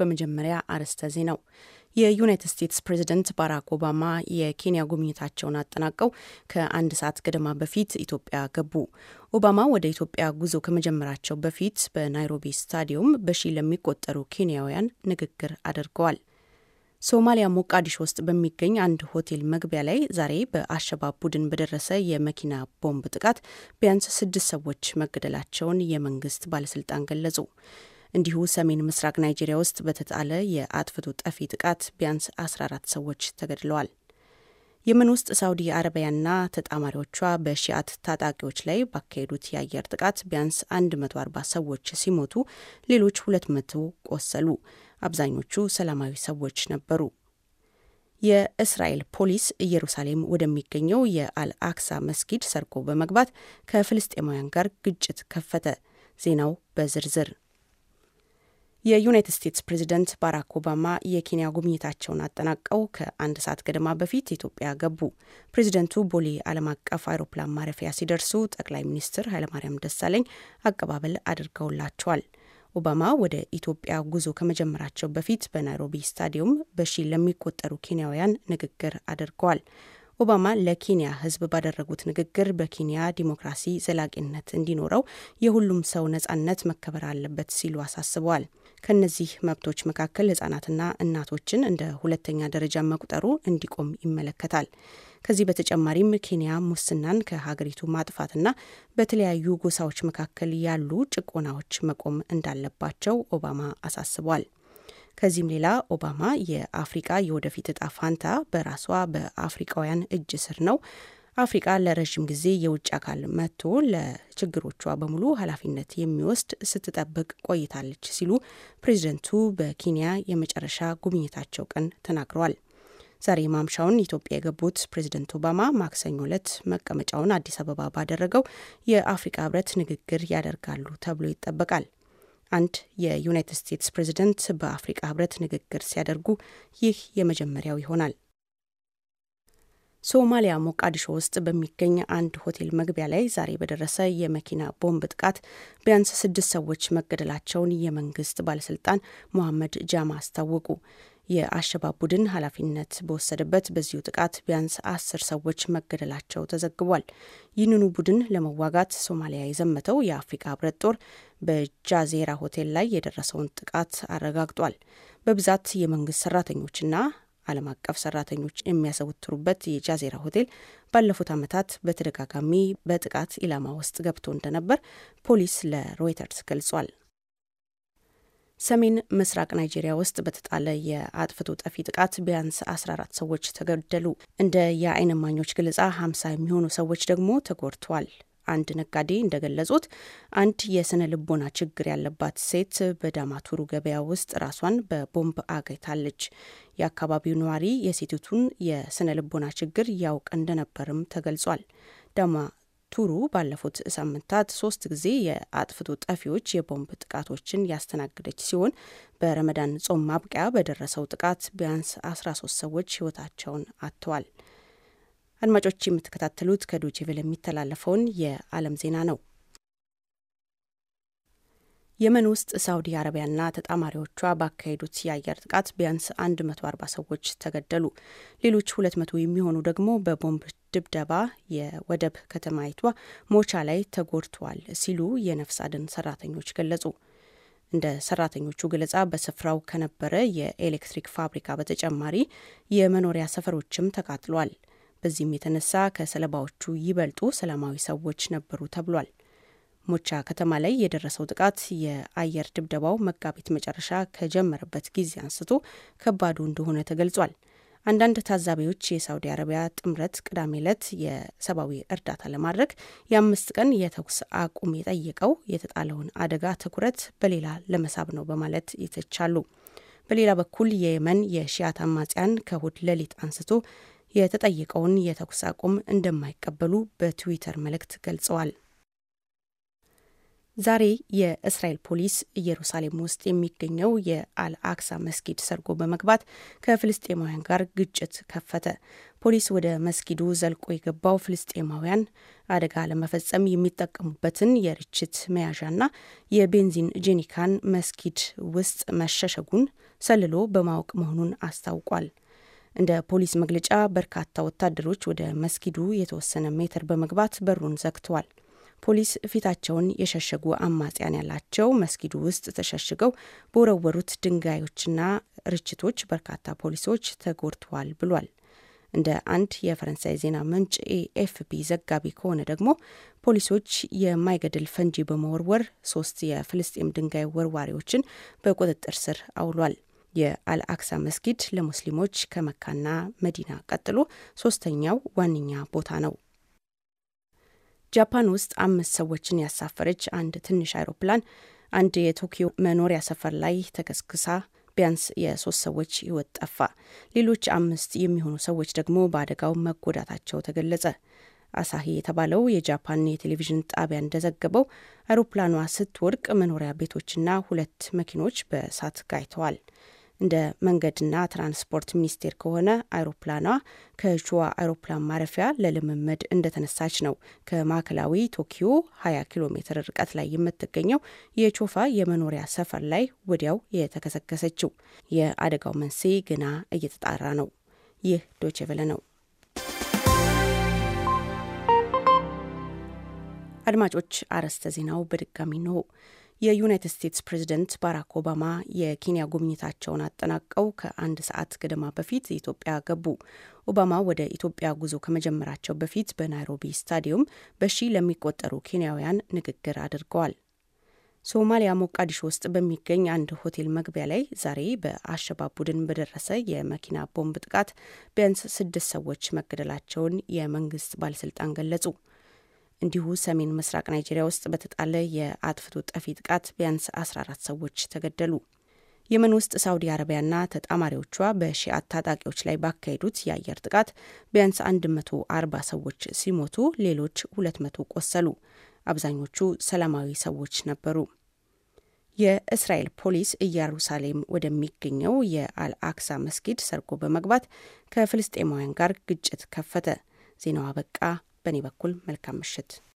በመጀመሪያ አርዕስተ ዜናው የዩናይትድ ስቴትስ ፕሬዚደንት ባራክ ኦባማ የኬንያ ጉብኝታቸውን አጠናቀው ከአንድ ሰዓት ገደማ በፊት ኢትዮጵያ ገቡ። ኦባማ ወደ ኢትዮጵያ ጉዞ ከመጀመራቸው በፊት በናይሮቢ ስታዲየም በሺ ለሚቆጠሩ ኬንያውያን ንግግር አድርገዋል። ሶማሊያ ሞቃዲሾ ውስጥ በሚገኝ አንድ ሆቴል መግቢያ ላይ ዛሬ በአሸባብ ቡድን በደረሰ የመኪና ቦምብ ጥቃት ቢያንስ ስድስት ሰዎች መገደላቸውን የመንግስት ባለስልጣን ገለጹ። እንዲሁ ሰሜን ምስራቅ ናይጄሪያ ውስጥ በተጣለ የአጥፍቶ ጠፊ ጥቃት ቢያንስ 14 ሰዎች ተገድለዋል። የመን ውስጥ ሳውዲ አረቢያና ተጣማሪዎቿ በሺአት ታጣቂዎች ላይ ባካሄዱት የአየር ጥቃት ቢያንስ 140 ሰዎች ሲሞቱ ሌሎች 200 ቆሰሉ። አብዛኞቹ ሰላማዊ ሰዎች ነበሩ። የእስራኤል ፖሊስ ኢየሩሳሌም ወደሚገኘው የአልአክሳ መስጊድ ሰርጎ በመግባት ከፍልስጤማውያን ጋር ግጭት ከፈተ። ዜናው በዝርዝር የዩናይትድ ስቴትስ ፕሬዚደንት ባራክ ኦባማ የኬንያ ጉብኝታቸውን አጠናቀው ከአንድ ሰዓት ገደማ በፊት ኢትዮጵያ ገቡ። ፕሬዚደንቱ ቦሌ ዓለም አቀፍ አውሮፕላን ማረፊያ ሲደርሱ ጠቅላይ ሚኒስትር ኃይለማርያም ደሳለኝ አቀባበል አድርገውላቸዋል። ኦባማ ወደ ኢትዮጵያ ጉዞ ከመጀመራቸው በፊት በናይሮቢ ስታዲየም በሺ ለሚቆጠሩ ኬንያውያን ንግግር አድርገዋል። ኦባማ ለኬንያ ሕዝብ ባደረጉት ንግግር በኬንያ ዲሞክራሲ ዘላቂነት እንዲኖረው የሁሉም ሰው ነጻነት መከበር አለበት ሲሉ አሳስበዋል። ከነዚህ መብቶች መካከል ህጻናትና እናቶችን እንደ ሁለተኛ ደረጃ መቁጠሩ እንዲቆም ይመለከታል። ከዚህ በተጨማሪም ኬንያ ሙስናን ከሀገሪቱ ማጥፋትና በተለያዩ ጎሳዎች መካከል ያሉ ጭቆናዎች መቆም እንዳለባቸው ኦባማ አሳስቧል። ከዚህም ሌላ ኦባማ የአፍሪቃ የወደፊት እጣ ፋንታ በራሷ በአፍሪቃውያን እጅ ስር ነው አፍሪቃ ለረዥም ጊዜ የውጭ አካል መጥቶ ለችግሮቿ በሙሉ ኃላፊነት የሚወስድ ስትጠብቅ ቆይታለች ሲሉ ፕሬዝደንቱ በኬንያ የመጨረሻ ጉብኝታቸው ቀን ተናግረዋል። ዛሬ ማምሻውን ኢትዮጵያ የገቡት ፕሬዝደንት ኦባማ ማክሰኞ ዕለት መቀመጫውን አዲስ አበባ ባደረገው የአፍሪካ ህብረት ንግግር ያደርጋሉ ተብሎ ይጠበቃል። አንድ የዩናይትድ ስቴትስ ፕሬዝደንት በአፍሪካ ህብረት ንግግር ሲያደርጉ ይህ የመጀመሪያው ይሆናል። ሶማሊያ ሞቃዲሾ ውስጥ በሚገኝ አንድ ሆቴል መግቢያ ላይ ዛሬ በደረሰ የመኪና ቦምብ ጥቃት ቢያንስ ስድስት ሰዎች መገደላቸውን የመንግስት ባለስልጣን ሞሐመድ ጃማ አስታወቁ። የአሸባብ ቡድን ኃላፊነት በወሰደበት በዚሁ ጥቃት ቢያንስ አስር ሰዎች መገደላቸው ተዘግቧል። ይህንኑ ቡድን ለመዋጋት ሶማሊያ የዘመተው የአፍሪካ ህብረት ጦር በጃዜራ ሆቴል ላይ የደረሰውን ጥቃት አረጋግጧል። በብዛት የመንግስት ሰራተኞችና ዓለም አቀፍ ሰራተኞች የሚያሰወትሩበት የጃዜራ ሆቴል ባለፉት ዓመታት በተደጋጋሚ በጥቃት ኢላማ ውስጥ ገብቶ እንደነበር ፖሊስ ለሮይተርስ ገልጿል። ሰሜን ምስራቅ ናይጄሪያ ውስጥ በተጣለ የአጥፍቶ ጠፊ ጥቃት ቢያንስ 14 ሰዎች ተገደሉ። እንደ የአይን እማኞች ገለጻ 50 የሚሆኑ ሰዎች ደግሞ ተጎድተዋል። አንድ ነጋዴ እንደገለጹት አንድ የስነ ልቦና ችግር ያለባት ሴት በዳማቱሩ ገበያ ውስጥ ራሷን በቦምብ አገይታለች። የአካባቢው ነዋሪ የሴቲቱን የስነ ልቦና ችግር ያውቅ እንደነበርም ተገልጿል። ዳማ ቱሩ ባለፉት ሳምንታት ሶስት ጊዜ የአጥፍቶ ጠፊዎች የቦምብ ጥቃቶችን ያስተናገደች ሲሆን በረመዳን ጾም ማብቂያ በደረሰው ጥቃት ቢያንስ 13 ሰዎች ሕይወታቸውን አጥተዋል። አድማጮች የምትከታተሉት ከዶችቬል የሚተላለፈውን የዓለም ዜና ነው። የመን ውስጥ ሳውዲ አረቢያና ተጣማሪዎቿ ባካሄዱት የአየር ጥቃት ቢያንስ 140 ሰዎች ተገደሉ። ሌሎች 200 የሚሆኑ ደግሞ በቦምብ ድብደባ የወደብ ከተማይቷ ሞቻ ላይ ተጎድተዋል ሲሉ የነፍስ አድን ሰራተኞች ገለጹ። እንደ ሰራተኞቹ ገለጻ በስፍራው ከነበረ የኤሌክትሪክ ፋብሪካ በተጨማሪ የመኖሪያ ሰፈሮችም ተቃጥሏል። በዚህም የተነሳ ከሰለባዎቹ ይበልጡ ሰላማዊ ሰዎች ነበሩ ተብሏል። ሞቻ ከተማ ላይ የደረሰው ጥቃት የአየር ድብደባው መጋቢት መጨረሻ ከጀመረበት ጊዜ አንስቶ ከባዱ እንደሆነ ተገልጿል። አንዳንድ ታዛቢዎች የሳውዲ አረቢያ ጥምረት ቅዳሜ ዕለት የሰብአዊ እርዳታ ለማድረግ የአምስት ቀን የተኩስ አቁም የጠየቀው የተጣለውን አደጋ ትኩረት በሌላ ለመሳብ ነው በማለት ይተቻሉ። በሌላ በኩል የየመን የሺያት አማጽያን ከእሁድ ሌሊት አንስቶ የተጠየቀውን የተኩስ አቁም እንደማይቀበሉ በትዊተር መልእክት ገልጸዋል። ዛሬ የእስራኤል ፖሊስ ኢየሩሳሌም ውስጥ የሚገኘው የአልአክሳ መስጊድ ሰርጎ በመግባት ከፍልስጤማውያን ጋር ግጭት ከፈተ። ፖሊስ ወደ መስጊዱ ዘልቆ የገባው ፍልስጤማውያን አደጋ ለመፈጸም የሚጠቀሙበትን የርችት መያዣና የቤንዚን ጄኒካን መስጊድ ውስጥ መሸሸጉን ሰልሎ በማወቅ መሆኑን አስታውቋል። እንደ ፖሊስ መግለጫ በርካታ ወታደሮች ወደ መስጊዱ የተወሰነ ሜትር በመግባት በሩን ዘግተዋል። ፖሊስ ፊታቸውን የሸሸጉ አማጽያን ያላቸው መስጊዱ ውስጥ ተሸሽገው በወረወሩት ድንጋዮችና ርችቶች በርካታ ፖሊሶች ተጎድተዋል ብሏል። እንደ አንድ የፈረንሳይ ዜና ምንጭ ኤኤፍፒ ዘጋቢ ከሆነ ደግሞ ፖሊሶች የማይገድል ፈንጂ በመወርወር ሶስት የፍልስጤም ድንጋይ ወርዋሪዎችን በቁጥጥር ስር አውሏል። የአልአክሳ መስጊድ ለሙስሊሞች ከመካና መዲና ቀጥሎ ሶስተኛው ዋነኛ ቦታ ነው። ጃፓን ውስጥ አምስት ሰዎችን ያሳፈረች አንድ ትንሽ አይሮፕላን አንድ የቶኪዮ መኖሪያ ሰፈር ላይ ተከስክሳ ቢያንስ የሶስት ሰዎች ሕይወት ጠፋ። ሌሎች አምስት የሚሆኑ ሰዎች ደግሞ በአደጋው መጎዳታቸው ተገለጸ። አሳሂ የተባለው የጃፓን የቴሌቪዥን ጣቢያ እንደዘገበው አይሮፕላኗ ስትወድቅ መኖሪያ ቤቶችና ሁለት መኪኖች በእሳት ጋይተዋል። እንደ መንገድና ትራንስፖርት ሚኒስቴር ከሆነ አይሮፕላኗ ከቹዋ አይሮፕላን ማረፊያ ለልምምድ እንደተነሳች ነው ከማዕከላዊ ቶኪዮ 20 ኪሎ ሜትር ርቀት ላይ የምትገኘው የቾፋ የመኖሪያ ሰፈር ላይ ወዲያው የተከሰከሰችው። የአደጋው መንስኤ ገና እየተጣራ ነው። ይህ ዶቼ ቬለ ነው። አድማጮች፣ አርዕስተ ዜናው በድጋሚ ነው። የዩናይትድ ስቴትስ ፕሬዚደንት ባራክ ኦባማ የኬንያ ጉብኝታቸውን አጠናቀው ከአንድ ሰዓት ገደማ በፊት ኢትዮጵያ ገቡ። ኦባማ ወደ ኢትዮጵያ ጉዞ ከመጀመራቸው በፊት በናይሮቢ ስታዲየም በሺ ለሚቆጠሩ ኬንያውያን ንግግር አድርገዋል። ሶማሊያ ሞቃዲሾ ውስጥ በሚገኝ አንድ ሆቴል መግቢያ ላይ ዛሬ በአሸባብ ቡድን በደረሰ የመኪና ቦምብ ጥቃት ቢያንስ ስድስት ሰዎች መገደላቸውን የመንግስት ባለስልጣን ገለጹ። እንዲሁ ሰሜን ምስራቅ ናይጄሪያ ውስጥ በተጣለ የአጥፍቶ ጠፊ ጥቃት ቢያንስ 14 ሰዎች ተገደሉ። የመን ውስጥ ሳውዲ አረቢያና ተጣማሪዎቿ በሺአት ታጣቂዎች ላይ ባካሄዱት የአየር ጥቃት ቢያንስ 140 ሰዎች ሲሞቱ ሌሎች 200 ቆሰሉ። አብዛኞቹ ሰላማዊ ሰዎች ነበሩ። የእስራኤል ፖሊስ ኢየሩሳሌም ወደሚገኘው የአልአክሳ መስጊድ ሰርጎ በመግባት ከፍልስጤማውያን ጋር ግጭት ከፈተ። ዜናው አበቃ። በእኔ በኩል መልካም ምሽት።